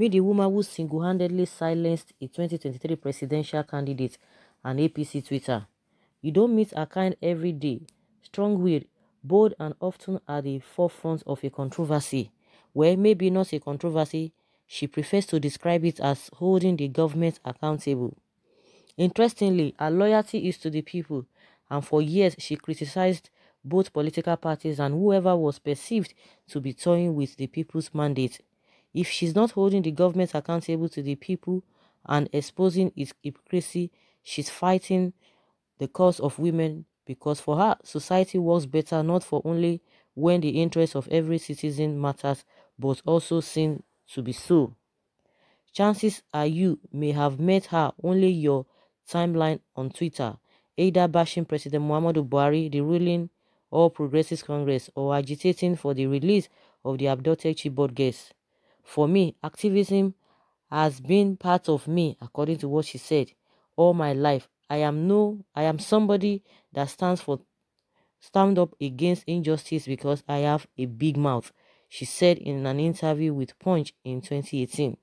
May the woman who single-handedly silenced a 2023 presidential candidate and APC Twitter. You don't meet a kind every day. Strong-willed, bold and often at the forefront of a controversy. Well, maybe not a controversy, she prefers to describe it as holding the government accountable. Interestingly, her loyalty is to the people, and for years she criticized both political parties and whoever was perceived to be toying with the people's mandate if she's not holding the government accountable to the people and exposing its hypocrisy, she's fighting the cause of women because for her, society works better not for only when the interests of every citizen matters, but also seen to be so. Chances are you may have met her only your timeline on Twitter, either bashing President Muhammadu Buhari, the ruling or Progressive Congress, or agitating for the release of the abducted Chibok guests. For me, activism has been part of me, according to what she said, all my life. I am no I am somebody that stands for stand up against injustice because I have a big mouth, she said in an interview with Punch in 2018.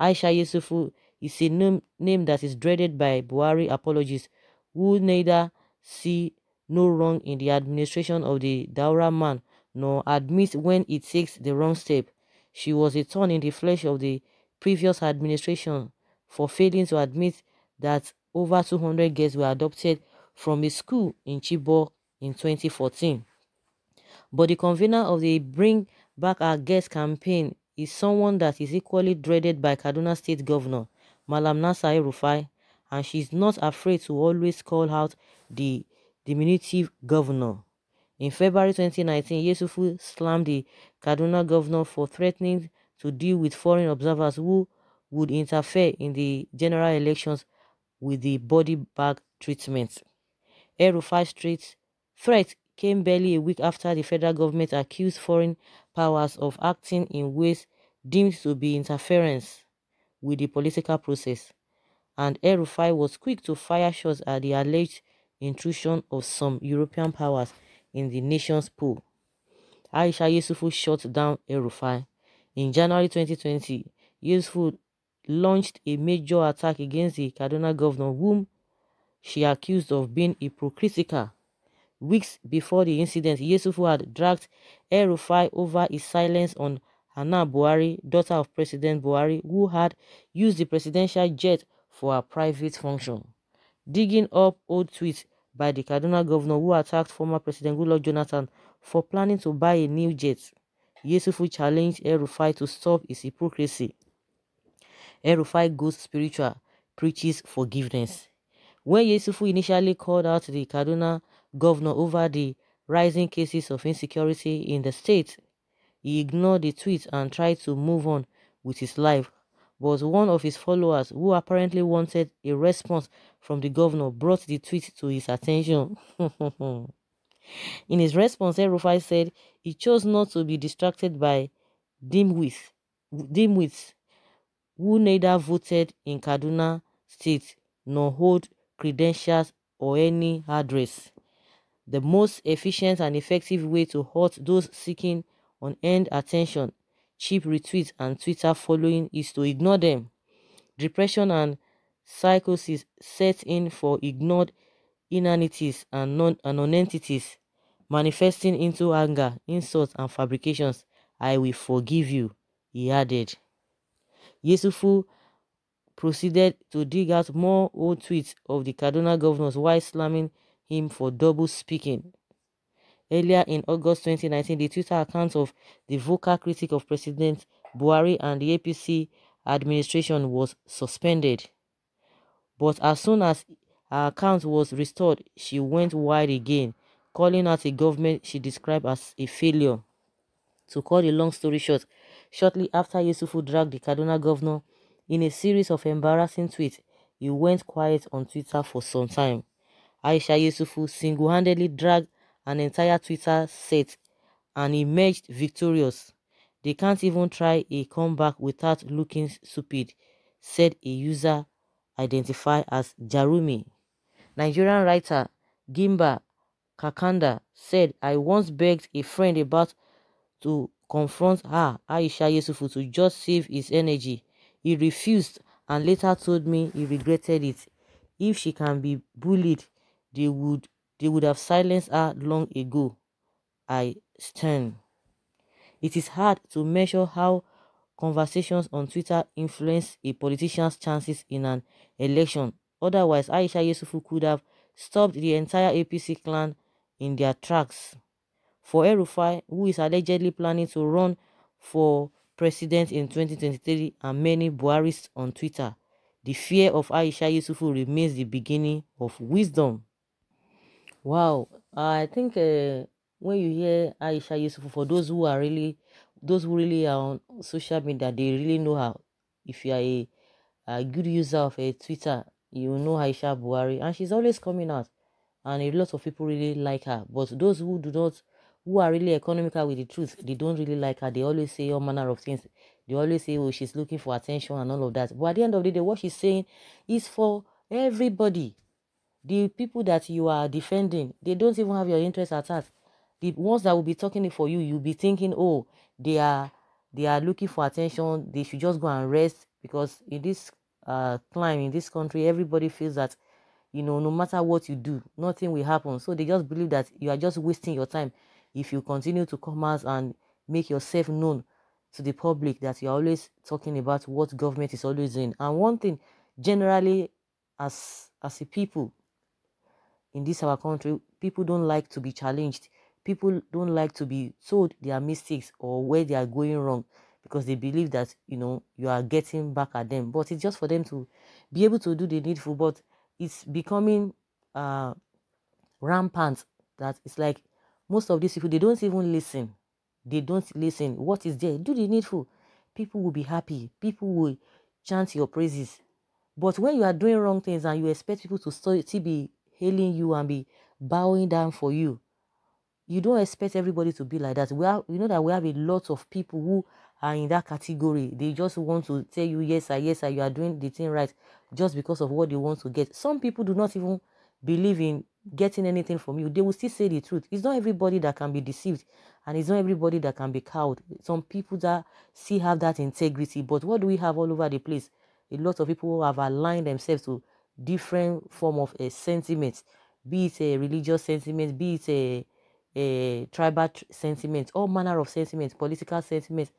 Aisha Yusufu is a name, name that is dreaded by Buhari apologists who neither see no wrong in the administration of the Daura man nor admit when it takes the wrong step. She was a thorn in the flesh of the previous administration for failing to admit that over 200 girls were adopted from a school in Chibok in 2014. But the convener of the Bring Back Our Girls campaign is someone that is equally dreaded by Kaduna State Governor Malam Nasai Rufai, and she is not afraid to always call out the diminutive governor. In February 2019, Yesufu slammed the Kaduna governor for threatening to deal with foreign observers who would interfere in the general elections with the body bag treatment. Erufai Street threat came barely a week after the federal government accused foreign powers of acting in ways deemed to be interference with the political process, and Erufai was quick to fire shots at the alleged intrusion of some European powers in the nation's pool, Aisha Yusufu shut down Erufai. In January 2020, Yusufu launched a major attack against the Kaduna governor, whom she accused of being hypocritical. Weeks before the incident, Yusufu had dragged Erufai over his silence on Hannah Buhari, daughter of President Buhari, who had used the presidential jet for a private function. Digging up old tweets, by the Kaduna governor who attacked former President Goodluck Jonathan for planning to buy a new jet. Yusufu challenged el to stop his hypocrisy. el goes spiritual, preaches forgiveness. When Yusufu initially called out the Kaduna governor over the rising cases of insecurity in the state, he ignored the tweet and tried to move on with his life was one of his followers, who apparently wanted a response from the governor, brought the tweet to his attention. In his response, Erufai said he chose not to be distracted by dimwits, dimwits who neither voted in Kaduna State nor hold credentials or any address. The most efficient and effective way to halt those seeking on-end attention cheap retweets and Twitter following is to ignore them. Depression and psychosis set in for ignored inanities and, non- entities manifesting into anger, insults, and fabrications. I will forgive you, he added. Yesufu proceeded to dig out more old tweets of the Kaduna governors while slamming him for double speaking. Earlier in August 2019, the Twitter account of the vocal critic of President Buhari and the APC administration was suspended. But as soon as her account was restored, she went wide again, calling out a government she described as a failure. To cut a long story short, shortly after Yusufu dragged the Kaduna governor in a series of embarrassing tweets, he went quiet on Twitter for some time. Aisha Yusufu single-handedly dragged an entire Twitter set and emerged victorious. They can't even try a comeback without looking stupid, said a user identified as Jarumi. Nigerian writer Gimba Kakanda said, I once begged a friend about to confront her, Aisha Yesufu, to just save his energy. He refused and later told me he regretted it. If she can be bullied, they would they would have silenced her long ago. I stand. It is hard to measure how conversations on Twitter influence a politician's chances in an election. Otherwise, Aisha Yesufu could have stopped the entire APC clan in their tracks. For Erufai, who is allegedly planning to run for president in 2023 and many Buharists on Twitter, the fear of Aisha Yusufu remains the beginning of wisdom. Wow, uh, I think uh, when you hear Aisha Yusuf, for those who are really, those who really are on social media, they really know how. If you are a, a good user of a uh, Twitter, you know Aisha Buhari, and she's always coming out, and a lot of people really like her. But those who do not, who are really economical with the truth, they don't really like her. They always say all manner of things. They always say, oh, she's looking for attention and all of that. But at the end of the day, what she's saying is for everybody the people that you are defending, they don't even have your interest at heart. The ones that will be talking for you, you'll be thinking, oh, they are they are looking for attention. They should just go and rest because in this uh climb in this country, everybody feels that you know no matter what you do, nothing will happen. So they just believe that you are just wasting your time if you continue to come out and make yourself known to the public that you're always talking about what government is always doing. And one thing generally as as a people in this our country, people don't like to be challenged. People don't like to be told their mistakes or where they are going wrong because they believe that you know you are getting back at them. But it's just for them to be able to do the needful. But it's becoming uh, rampant that it's like most of these people they don't even listen. They don't listen. What is there? Do the needful. People will be happy. People will chant your praises. But when you are doing wrong things and you expect people to still be hailing you and be bowing down for you. You don't expect everybody to be like that. We have, you know that we have a lot of people who are in that category. They just want to tell you, yes, sir, yes, sir, you are doing the thing right just because of what they want to get. Some people do not even believe in getting anything from you. They will still say the truth. It's not everybody that can be deceived and it's not everybody that can be cowed. Some people that still have that integrity. But what do we have all over the place? A lot of people who have aligned themselves to different form of a sentiment, be it a religious sentiment, be it a, a tribal tr- sentiment, all manner of sentiments, political sentiments,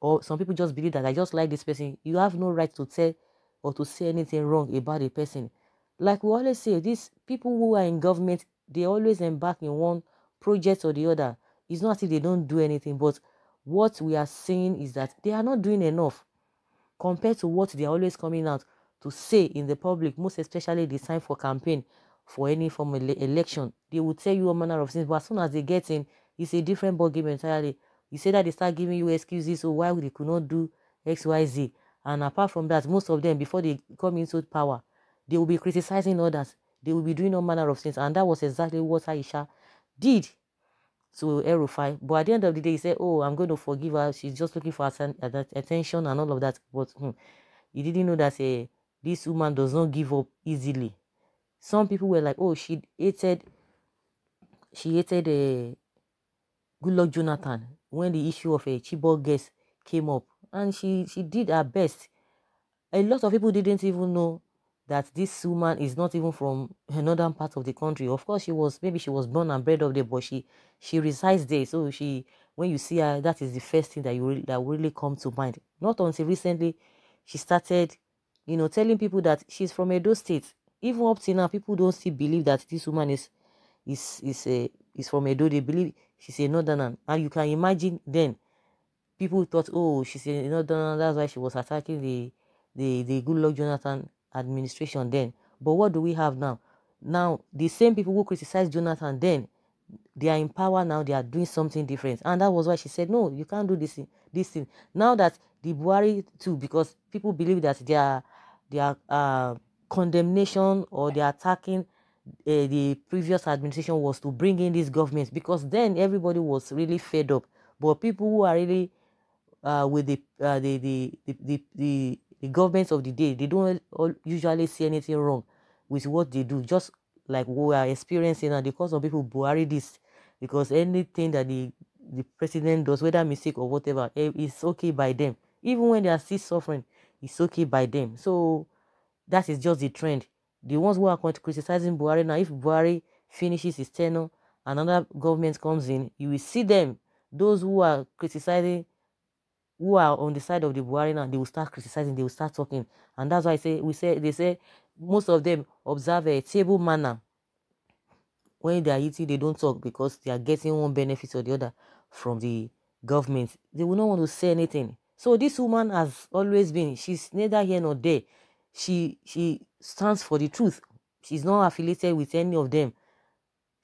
or some people just believe that I just like this person. You have no right to tell or to say anything wrong about a person. Like we always say, these people who are in government, they always embark in one project or the other. It's not if they don't do anything, but what we are seeing is that they are not doing enough compared to what they are always coming out to say in the public, most especially the time for campaign for any formal election. They will tell you all manner of things, but as soon as they get in, it's a different ballgame entirely. You say that they start giving you excuses, so why they could not do X, Y, Z. And apart from that, most of them, before they come into power, they will be criticizing others. They will be doing all manner of things. And that was exactly what Aisha did to Erufai. But at the end of the day, he said, oh, I'm going to forgive her. She's just looking for attention and all of that. But hmm, he didn't know that uh, this woman does not give up easily. Some people were like, oh, she hated, she hated a uh, eh, good luck Jonathan when the issue of a eh, Chibok guest came up. And she, she did her best. A lot of people didn't even know that this woman is not even from another part of the country. Of course, she was, maybe she was born and bred up there, but she, she resides there. So she, when you see her, that is the first thing that you that really come to mind. Not until recently, she started you know, telling people that she's from Edo State. Even up till now, people don't still believe that this woman is is is a is from Edo. They believe she's a northerner, and you can imagine then people thought, oh, she's a northerner. That's why she was attacking the the the Good Luck Jonathan administration then. But what do we have now? Now the same people who criticized Jonathan then, they are in power now. They are doing something different, and that was why she said, no, you can't do this this thing. Now that the Buhari too, because people believe that they are their uh, condemnation or their attacking uh, the previous administration was to bring in these governments because then everybody was really fed up. But people who are really uh, with the, uh, the, the, the, the, the, governments of the day, they don't usually see anything wrong with what they do, just like we are experiencing now. Because of people worry this, because anything that the, the president does, whether mistake or whatever, eh, it's okay by them. Even when they are still suffering, it's okay by them. So that is just the trend. The ones who are going to criticizing Buhari now, if Buhari finishes his tenure, another government comes in, you will see them, those who are criticizing, who are on the side of the Buhari now, they will start criticizing, they will start talking. And that's why I say, we say, they say, most of them observe a table manner. When they are eating, they don't talk because they are getting one benefit or the other from the government. They will not want to say anything. So this woman has always been, she's neither here nor there. She she stands for the truth. She's not affiliated with any of them.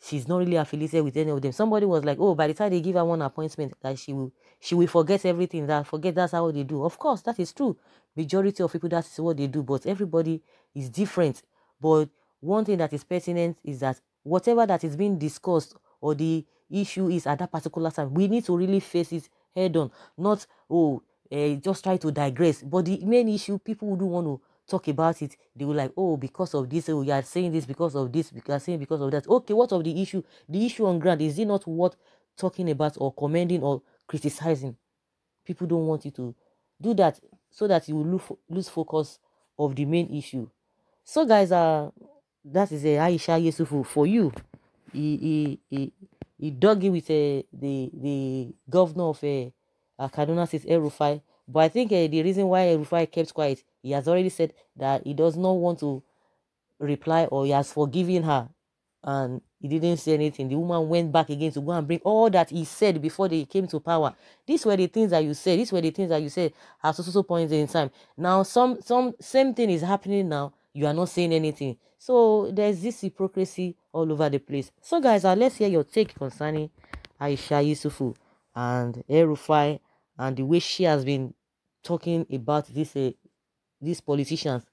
She's not really affiliated with any of them. Somebody was like, Oh, by the time they give her one appointment, that she will she will forget everything. That forget that's how they do. Of course, that is true. Majority of people that is what they do, but everybody is different. But one thing that is pertinent is that whatever that is being discussed or the issue is at that particular time, we need to really face it head on. Not, oh, uh, just try to digress. But the main issue, people do not want to talk about it. They were like, oh, because of this, we oh, are saying this because of this, we are saying because of that. Okay, what of the issue? The issue on ground is it not worth talking about or commending or criticizing? People don't want you to do that so that you will lose, lose focus of the main issue. So, guys, uh, that is a uh, Aisha Yesufu for you. He, he, he, he dug it with uh, the, the governor of uh, uh, Kaduna says Erufai. But I think uh, the reason why Erufai kept quiet, he has already said that he does not want to reply or he has forgiven her. And he didn't say anything. The woman went back again to go and bring all that he said before they came to power. These were the things that you said. These were the things that you said at so, so, so points in time. Now, some some same thing is happening now. You are not saying anything. So there's this hypocrisy all over the place. So guys, uh, let's hear your take concerning Aisha Yusufu and Erufai and the way she has been talking about this uh, these politicians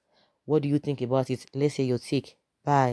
what do you think about it let's say your take bye